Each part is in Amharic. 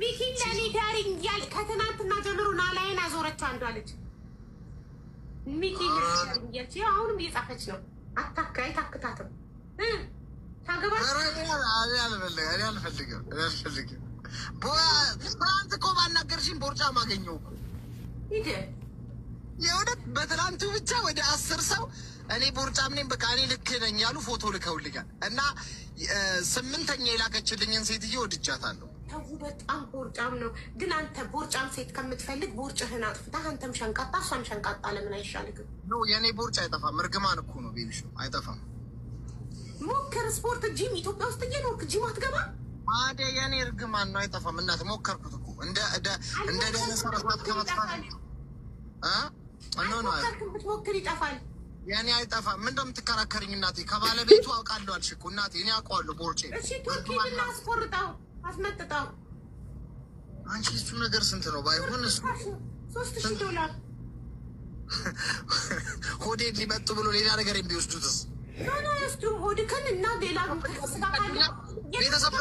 ሚኪን ለኔ ዳሪኝ እያልክ ከትናንትና ጀምሮ ናላይን አዞረችው። አንዷ ልጅ ሚኪን ለኔ አሁንም እየጻፈች ነው። አታካ አይታክታትም። ትናንት እኮ ባናገርሽኝ ቦርጫ ማገኘው ሂድ የእውነት በትናንቱ ብቻ ወደ አስር ሰው እኔ ቦርጫም ነኝ በቃ እኔ ልክ ነኝ ያሉ ፎቶ ልከውልኛል። እና ስምንተኛ የላከችልኝን ሴትዮ ወድጃታለሁ። ተው፣ በጣም ቦርጫም ነው። ግን አንተ ቦርጫም ሴት ከምትፈልግ ቦርጭህን አጥፍተህ አንተም ሸንቃጣ እሷም ሸንቃጣ ለምን አይሻልግም? የእኔ ቦርጭ አይጠፋም። እርግማን እኮ ነው ቤቢሽ፣ አይጠፋም። ሞክር። ስፖርት ጂም ኢትዮጵያ ውስጥ እየኖርክ ጂም አትገባ አደ የኔ እርግማን ነው፣ አይጠፋም። እናት ሞከርኩት እኮ እንደ ደነሰረት ከመጥፋት ብትሞክር ይጠፋል። የኔ አይጠፋም። ምን እንደምትከራከርኝ እናቴ። ከባለቤቱ አውቃለሁ አልሽ እኮ እናቴ። እኔ አውቀዋለሁ ቦርጬ። እሺ ቱርኪ ብናስቆርጠው አስመጥጣው። አንቺ እሱ ነገር ስንት ነው? ባይሆን ሶስት ሺህ ዶላር ሆዴን ሊመጡ ብሎ ሌላ ነገር የሚወስዱትስ ሆድክን እና ሌላ ቤተሰብ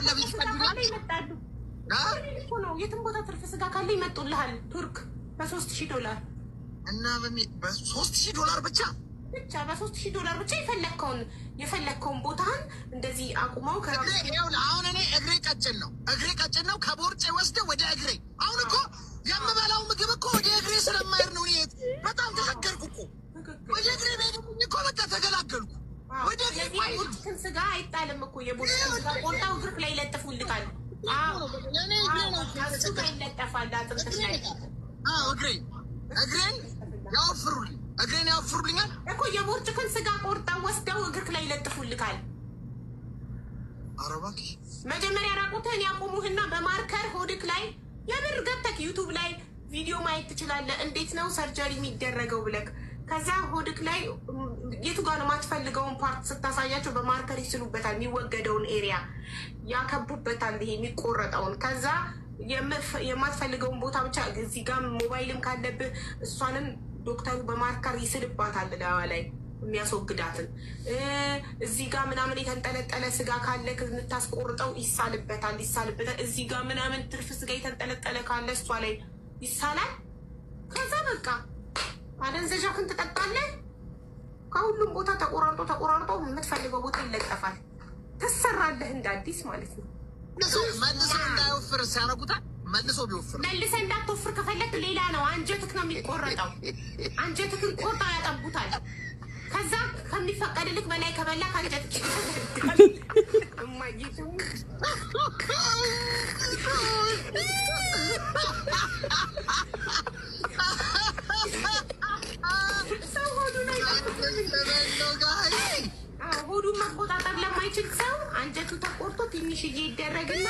ነው። የትም ቦታ ትርፍ ስጋ ካለ ይመጡልሃል። ቱርክ በሶስት ሺህ ዶላር እና በሶስት ሺህ ዶላር ብቻ ብቻ በሶስት ሺህ ዶላር ብቻ የፈለግከውን የፈለግከውን ቦታን እንደዚህ አቁመው። አሁን እኔ እግሬ ቀጭን ነው፣ እግሬ ቀጭን ነው። ከቦርጬ ወስደ ወደ እግሬ። አሁን እኮ የምበላው ምግብ እኮ ወደ እግሬ ስለማይር ነው። እኔ በጣም ተቸገርኩ እኮ ወደ እግሬ ቤድኩኝ እኮ በቃ ተገላገልኩ። ወደ እግሬ ስጋ አይጣልም እኮ የቦርጬ ስጋ ቆርጠው እግር ላይ ይለጥፉልካል። እግሬ እግሬን ያወፍሩልኝ እግሬን ያወፍሩልኛል እኮ የቦርጭክን ስጋ ቆርጣ ወስደው እግርክ ላይ ይለጥፉልካል። አረባኪ መጀመሪያ ራቁትህን ያቆሙህና በማርከር ሆድክ ላይ የምር ገብተክ ዩቱብ ላይ ቪዲዮ ማየት ትችላለህ። እንዴት ነው ሰርጀሪ የሚደረገው ብለክ ከዛ ሆድክ ላይ የቱ ጋር ነው የማትፈልገውን ፓርት ስታሳያቸው በማርከር ይስሉበታል። የሚወገደውን ኤሪያ ያከቡበታል፣ ይሄ የሚቆረጠውን። ከዛ የማትፈልገውን ቦታ ብቻ እዚህ ጋር ሞባይልም ካለብህ እሷንም ዶክተሩ በማርከር ይስልባታል ዳዋ ላይ የሚያስወግዳትን እዚህ ጋር ምናምን የተንጠለጠለ ስጋ ካለ የምታስቆርጠው ይሳልበታል ይሳልበታል። እዚህ ጋር ምናምን ትርፍ ስጋ የተንጠለጠለ ካለ እሷ ላይ ይሳላል። ከዛ በቃ አደንዘዣክን ትጠጣለህ። ከሁሉም ቦታ ተቆራርጦ ተቆራርጦ የምትፈልገው ቦታ ይለጠፋል። ትሰራለህ እንደ አዲስ ማለት ነው። መልሶ እንዳይወፍር ሲያረጉታል መልሶ ቢወፍር መልሰ እንዳትወፍር ከፈለግ ሌላ ነው። አንጀትክ ነው የሚቆረጠው። አንጀትክን ቆርጠው ያጠቡታል። ከዛ ከሚፈቀድልክ በላይ ከበላ ከአንጀትክ ሆዱን መቆጣጠር ለማይችል ሰው አንጀቱ ተቆርጦ ትንሽዬ ይደረግና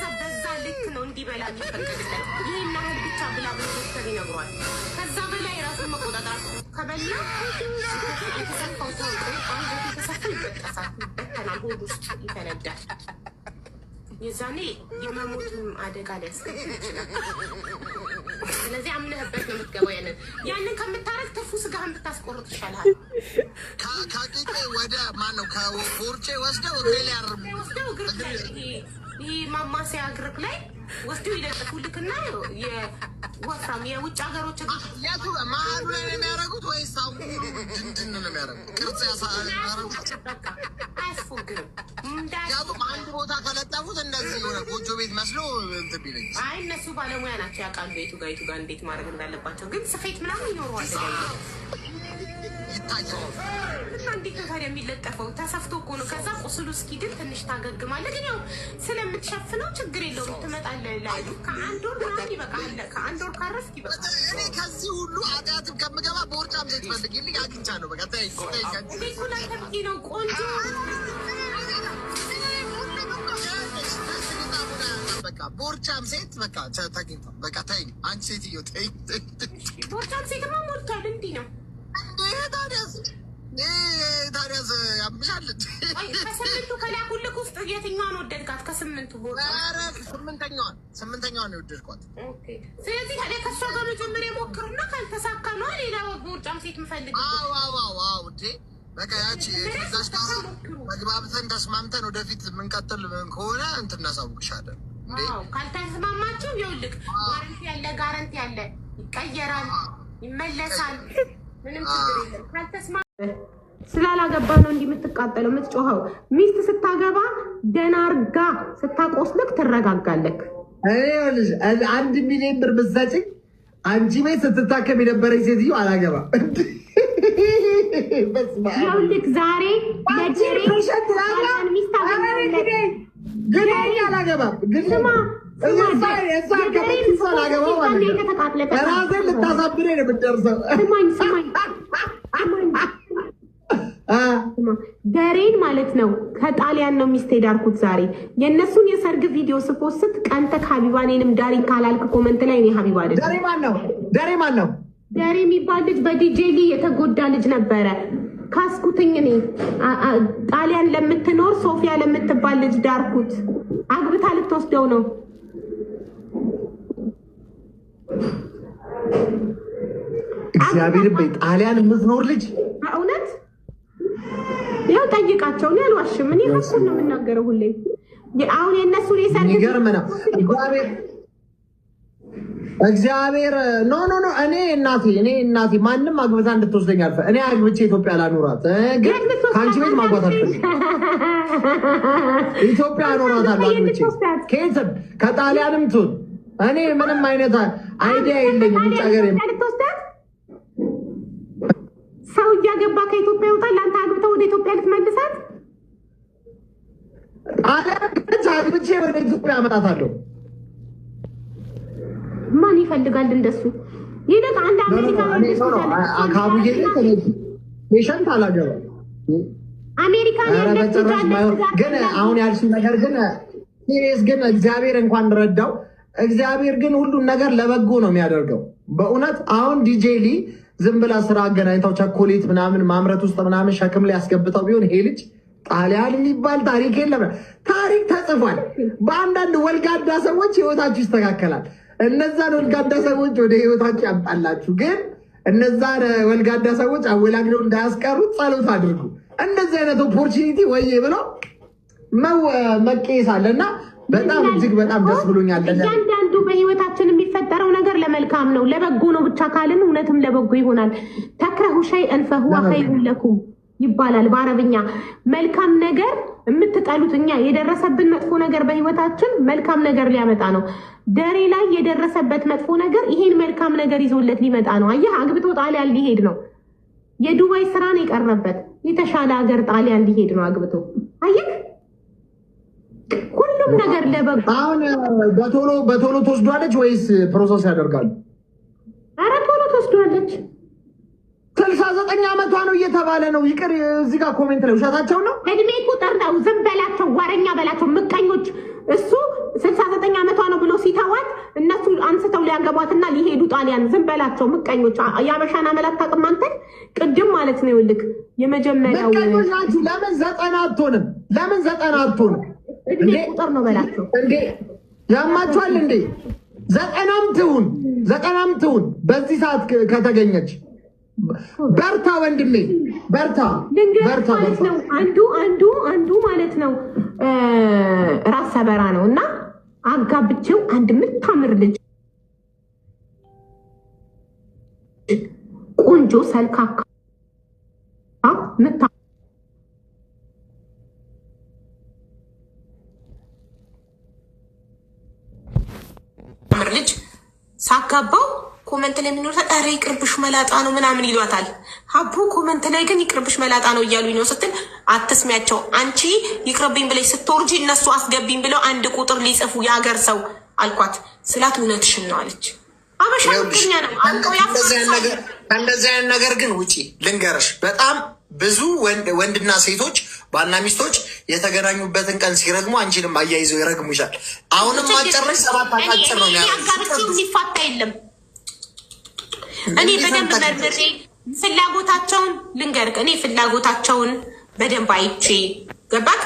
ከዛ በዛ ልክ ነው እንዲበላ የሚፈቀድለት። ይህን ያህል ብቻ ብላ ብሎ ዶክተር ይነግሯል። ከዛ በላይ ራሱን መቆጣጠር ከበላ የተሰፋው ተወቆ አንድ የተሰፋ ይበጠሳል፣ ይበተናል፣ ሆድ ውስጥ ይፈነዳል። የዛኔ የመሞትም አደጋ ሊያስከትል ይችላል። ስለዚህ አምነህበት ነው የምትገባው። ያንን ያንን ከምታረግ ትርፉ ስጋህን ብታስቆርጥ ይሻልሃል። ከቂጤ ወደ ማነው ከፎርጬ ወስደው እግሬ ሊያርሙ ወስደው እግር ላይ ይህ ማማሰያ እግርህ ላይ ወስዶ ይለጥፉልክና ወፍራም የውጭ ሀገሮች መሀሉ ላይ ነው የሚያደርጉት ወይስ ነው የሚያደርጉት? ቅርጽ አያስፎግርም። አንድ ቦታ ከለጠፉት እንደዚህ የሆነ ጎጆ ቤት መስሎ እንትን አይ እነሱ ባለሙያ ናቸው ያውቃሉ፣ የቱ ጋ የቱ ጋ እንዴት ማድረግ እንዳለባቸው። ግን ስፌት ምናምን ይኖረዋል አመጣቸው እና እንዴት ነው ታዲያ የሚለጠፈው? ተሰፍቶ እኮ ነው። ከዛ ቁስሉ እስኪድን ትንሽ ታገግማለህ። ግን ያው ስለምትሸፍነው ችግር የለውም። ትመጣለህ ላይ ከአንድ ወር ምናምን ይበቃል። ከአንድ ወር ካረፍክ ይበቃል። እኔ ከዚህ ሁሉ አዳትም ከምገባ በወርጫም ዘይት ፈልግልኝ አግኝቻለሁ። በቃ ተይኝ እኮ ላንተ ነው ቆንጆ በቃ ቦርጫም ሴት በቃ ተገኝታ በቃ ተይኝ። አንቺ ሴትዮ ተይኝ። ቦርጫም ሴትማ ሞልቷል። እንዲህ ነው ታዲያ ያምሻል። ከስምንቱ ከላኩልክ ውስጥ የትኛዋን ወደድካት? ከስምንቱ ስምንተኛዋን ስምንተኛዋን የወደድኳት። ስለዚህ ታዲያ ከእሷ ጋር መጀመሪያ ሞክርና ካልተሳካ ነው ሌላ ቦርጫም ሴት ምፈልግ በቃ ያቺ መግባብተን ተስማምተን ወደፊት የምንቀጥል ከሆነ እንትን እናሳውቅሻለን። ካልተስማማችሁ ይኸውልህ ዋረንቲ ያለ ጋረንቲ ያለ ይቀየራል፣ ይመለሳል። ስላላገባ ነው እንዲህ የምትቃጠለው የምትጮኸው። ሚስት ስታገባ ደህና አርጋ ስታቆስልክ ትረጋጋለክ። አንድ ሚሊዮን ብር ብትሰጪኝ አንቺ ቤት ስትታከም የነበረች ሴትዮ አላገባ ልክ ዛሬ ሚስት አላገባ ራሴን ልታሳብሬ ነው የምትደርሰው። ገሬን ማለት ነው ከጣሊያን ነው ሚስት ዳርኩት። ዛሬ የእነሱን የሰርግ ቪዲዮ ስፖስት ቀንተክ ሀቢባ እኔንም ዳሪ ካላልክ ኮመንት ላይ እኔ ሀቢባ ደ ደሬ ማን ነው ደሬ የሚባል ልጅ በዲጄ በዲጄሊ የተጎዳ ልጅ ነበረ። ካስኩትኝ እኔ ጣሊያን ለምትኖር ሶፊያ ለምትባል ልጅ ዳርኩት። አግብታ ልትወስደው ነው እግዚአብሔር ጣሊያን የምትኖር ልጅ በእውነት ያው ጠይቃቸው። ነው የምናገረው ሁሌ። አሁን የእነሱ ይገርም ነው እግዚአብሔር ኖ ኖ ኖ እኔ እናቴ እኔ እናቴ ማንም አግብታ እንድትወስደኝ አልፈ እኔ አግብቼ ኢትዮጵያ ላኖራት፣ ግን ከአንቺ ቤት ማግባት አልፈ ኢትዮጵያ አሉ አግብቼ ከጣሊያንም ትሁን እኔ ምንም አይነት አይዲያ የለኝም። ውጭ ሀገር ሰው እያገባ ከኢትዮጵያ ይወጣል። ለአንተ አግብተህ ወደ ኢትዮጵያ ልትመልሳት? አለች አግብቼ ወደ ኢትዮጵያ አመጣታለሁ። ማን ይፈልጋል እንደሱ? ይልቅ አንድ አሜሪካ ፔሸንት አላገባም። አሜሪካ ግን አሁን ያልሽው ነገር ግን ሲሪየስ ግን እግዚአብሔር እንኳን ረዳው እግዚአብሔር ግን ሁሉን ነገር ለበጎ ነው የሚያደርገው። በእውነት አሁን ዲጄሊ ዝም ብላ ስራ አገናኝተው ቸኮሌት ምናምን ማምረት ውስጥ ምናምን ሸክም ላይ ያስገብተው ቢሆን ይሄ ልጅ ጣሊያን የሚባል ታሪክ የለም። ታሪክ ተጽፏል። በአንዳንድ ወልጋዳ ሰዎች ህይወታችሁ ይስተካከላል። እነዛን ወልጋዳ ሰዎች ወደ ህይወታችሁ ያምጣላችሁ። ግን እነዛ ወልጋዳ ሰዎች አወላግደው እንዳያስቀሩት ጸሎት አድርጉ። እንደዚህ አይነት ኦፖርቹኒቲ ወይ ብለው መቄስ አለ እና በጣም እጅግ በጣም ደስ ብሎኛል። እያንዳንዱ በህይወታችን የሚፈጠረው ነገር ለመልካም ነው፣ ለበጎ ነው ብቻ ካልን እውነትም ለበጎ ይሆናል። ተክረሁ ሸይ እንፈሁ ኸይሩን ለኩም ይባላል በአረብኛ። መልካም ነገር የምትጠሉት እኛ የደረሰብን መጥፎ ነገር በህይወታችን መልካም ነገር ሊያመጣ ነው። ደሬ ላይ የደረሰበት መጥፎ ነገር ይሄን መልካም ነገር ይዞለት ሊመጣ ነው። አየህ፣ አግብቶ ጣሊያን ሊሄድ ነው። የዱባይ ስራን የቀረበት የተሻለ ሀገር ጣሊያን ሊሄድ ነው አግብቶ ሁሉም ነገር ለበጎ። አሁን በቶሎ በቶሎ ትወስዷለች ወይስ ፕሮሰስ ያደርጋል? አረ ቶሎ ትወስዷለች። ስልሳ ዘጠኝ ዓመቷ ነው እየተባለ ነው። ይቅር እዚህ ጋር ኮሜንት ላይ ውሸታቸው ነው። እድሜ ቁጥር ነው። ዝም በላቸው፣ ወረኛ በላቸው፣ ምቀኞች። እሱ ስልሳ ዘጠኝ ዓመቷ ነው ብሎ ሲተዋት እነሱ አንስተው ሊያገቧትና ሊሄዱ ጣሊያን። ዝም በላቸው፣ ምቀኞች። የአበሻን አመላት ታውቅም አንተ። ቅድም ማለት ነው ይኸውልህ የመጀመሪያው ምቀኞች ናችሁ። ለምን ዘጠና አትሆንም? ለምን ዘጠና አትሆንም? እድሜ ቁጥር ነው በላቸው። ያማችኋል እንዴ? ዘጠናም ትሁን ዘጠናም ትሁን በዚህ ሰዓት ከተገኘች በርታ ወንድሜ በርታ በርታ ማለት ነው። አንዱ አንዱ አንዱ ማለት ነው ራስ ሰበራ ነው እና አጋብቼው አንድ የምታምር ልጅ ቆንጆ ሰልካካ ምታ ሳጋባው ኮመንት ላይ የምንወርታ ኧረ ይቅርብሽ መላጣ ነው ምናምን ይሏታል። ሀቡ ኮመንት ላይ ግን ይቅርብሽ መላጣ ነው እያሉኝ ነው ስትል አትስሚያቸው። አንቺ ይቅርብኝ ብለሽ ስትወርጂ እነሱ አስገቢኝ ብለው አንድ ቁጥር ሊጽፉ የሀገር ሰው አልኳት ስላት እውነትሽን ነው አለች። አበሻ ነው ከእንደዚህ አይነት ነገር ግን ውጪ ልንገርሽ፣ በጣም ብዙ ወንድና ሴቶች ባልና ሚስቶች የተገናኙበትን ቀን ሲረግሙ አንቺንም አያይዘው ይሻል። አሁንም አጨረሽ ሰባት አጭር ነው ያጋብቼ ሲፋታ የለም። እኔ በደንብ መርምሬ ፍላጎታቸውን ልንገርክ። እኔ ፍላጎታቸውን በደንብ አይቼ ገባክ።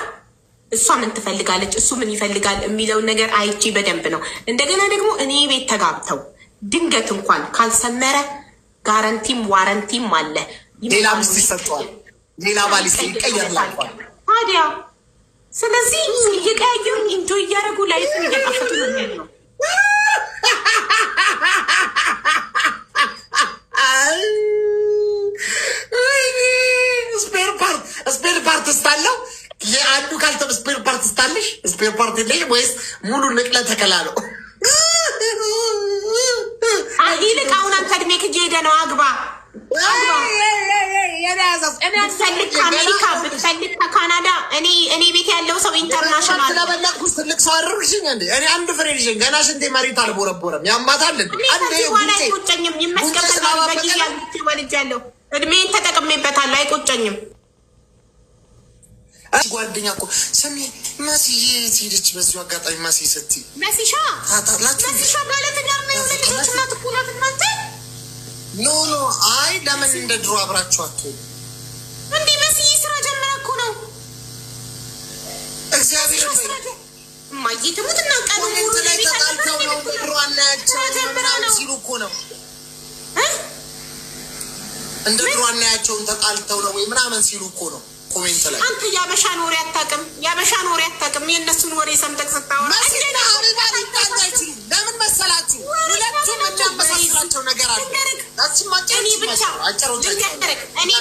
እሷ ምን ትፈልጋለች፣ እሱ ምን ይፈልጋል የሚለውን ነገር አይቼ በደንብ ነው። እንደገና ደግሞ እኔ ቤት ተጋብተው ድንገት እንኳን ካልሰመረ ጋረንቲም ዋረንቲም አለ ሌላ ሚስት ይሰጠዋል። ሌላ ባል ይቀየር ላይፏል ታዲያ። ስለዚህ እየቀያየሩ ኢንጆ እያደረጉ ላይ እየጣፈቱ ነው ሙሉ ንቅለ ተከላ ነው? ይልቅ አሁን አንተ እድሜ ክጅ ሄደ ነው አግባ እኔ ብፈልግ ከአሜሪካ ከካናዳ እኔ እኔ ቤት ያለው ሰው ኢንተርናሽናል ስለበለኩስ ትልቅ ሰው አድርግሽኝ እንዴ እኔ አንድ ፍሬ ልሽኝ ገና ሽንቴ መሬት አልቦረቦረም ያማታለን አይቆጨኝም ይመስገበታል በጊዜ ወልጃለሁ እድሜን ተጠቅሜበታለሁ አይቆጨኝም ጓደኛ እኮ ስሜ መሲ የት ሄደች? በዚሁ አጋጣሚ መሲ ስትይ መሲሻ መሲሻ ባለትዳር ነው የሆነ ልጆች እናት እኮ ናት እናንተ ኖ ኖ፣ አይ ለምን እንደ ድሮ አብራችሁ አትሆኑ እንዴ? መስዬ ስራ ጀመረ እኮ ነው። እግዚአብሔር ማየትሙት እና ቀኑ ሙሉ ላይ ተጣልተው ነው ድሮ አናያቸው ምናምን ሲሉ እኮ ነው እንደ ድሮ አናያቸውን ተጣልተው ነው ወይ ምናምን ሲሉ እኮ ነው። ኮሜንት ላይ አንተ የአበሻን ወሬ አታውቅም፣ የአበሻን ወሬ አታውቅም። የእነሱን ወሬ ሰምጠቅ ስታወራ ለምን መሰላችሁ? ሁለቱም የሚያመሳስላቸው ነገር አለ እኔ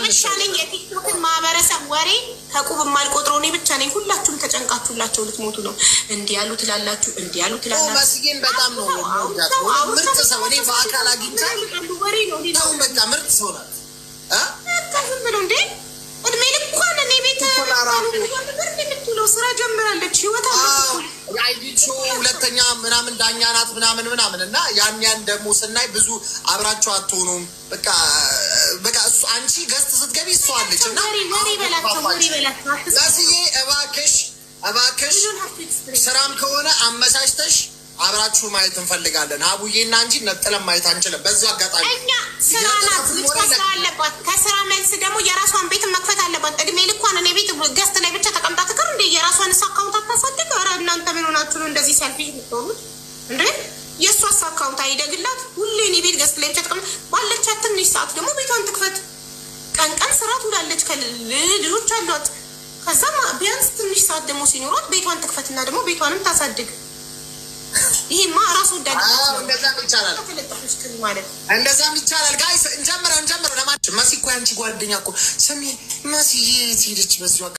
ብቻ ነኝ የቲክቶክን ማህበረሰብ ወሬ ከቁብ የማልቆጥረው እኔ ብቻ ነኝ። ሁላችሁም ተጨንቃችሁላቸው ልትሞቱ ነው። እንዲህ ያሉ ትላላችሁ፣ እንዲህ ያሉ ትላላችሁ። ምርጥ ሰው። እኔ በአካል አግኝቻት ወሬ ነው። ዝም ብሎ እንዴ ተራራፉ ስራ ጀምራለች። ህይወት ሁለተኛ ምናምን ዳኛ ናት ምናምን ምናምን እና ያን ያን ደግሞ ስናይ ብዙ አብራቸው አትሆኑም። በቃ በቃ እሱ አንቺ ገዝት ስትገቢ እሷ አለች እና እባክሽ እባክሽ ስራም ከሆነ አመቻችተሽ አብራችሁ ማየት እንፈልጋለን። አቡዬና አንቺ እንጂ ነጥለን ማየት አንችልም። በዚህ አጋጣሚ እኛ ስራ ናት ስራ አለባት። ከስራ መልስ ደግሞ የራሷን ቤት መክፈት አለባት። እድሜ ልኳን እኔ ቤት ገስት ላይ ብቻ ተቀምጣ ትቅር እንዴ? የራሷን እሳ አካውንት አታሳድግ። ኧረ እናንተ ምን ሆናችሁ ነው እንደዚህ ሰልፊ ምትሆኑት እንዴ? የእሷ እሳ አካውንት አይደግላት። ሁሌ እኔ ቤት ገስት ላይ ብቻ ተቀምጣ ባለቻት ትንሽ ሰዓት ደግሞ ቤቷን ትክፈት። ቀን ቀን ስራ ትውላለች፣ አሏት። ከዛም ቢያንስ ትንሽ ሰዓት ደግሞ ሲኖሯት ቤቷን ትክፈትና ደግሞ ቤቷንም ታሳድግ። ይሄማ ራሱ እንደዛም ይቻላል። ጋይስ እንጀምረው እንጀምረው። ለማንኛውም መሲ እኮ ያንቺ ጓደኛ እኮ ስሚ መሲ ሲልች በዚሁ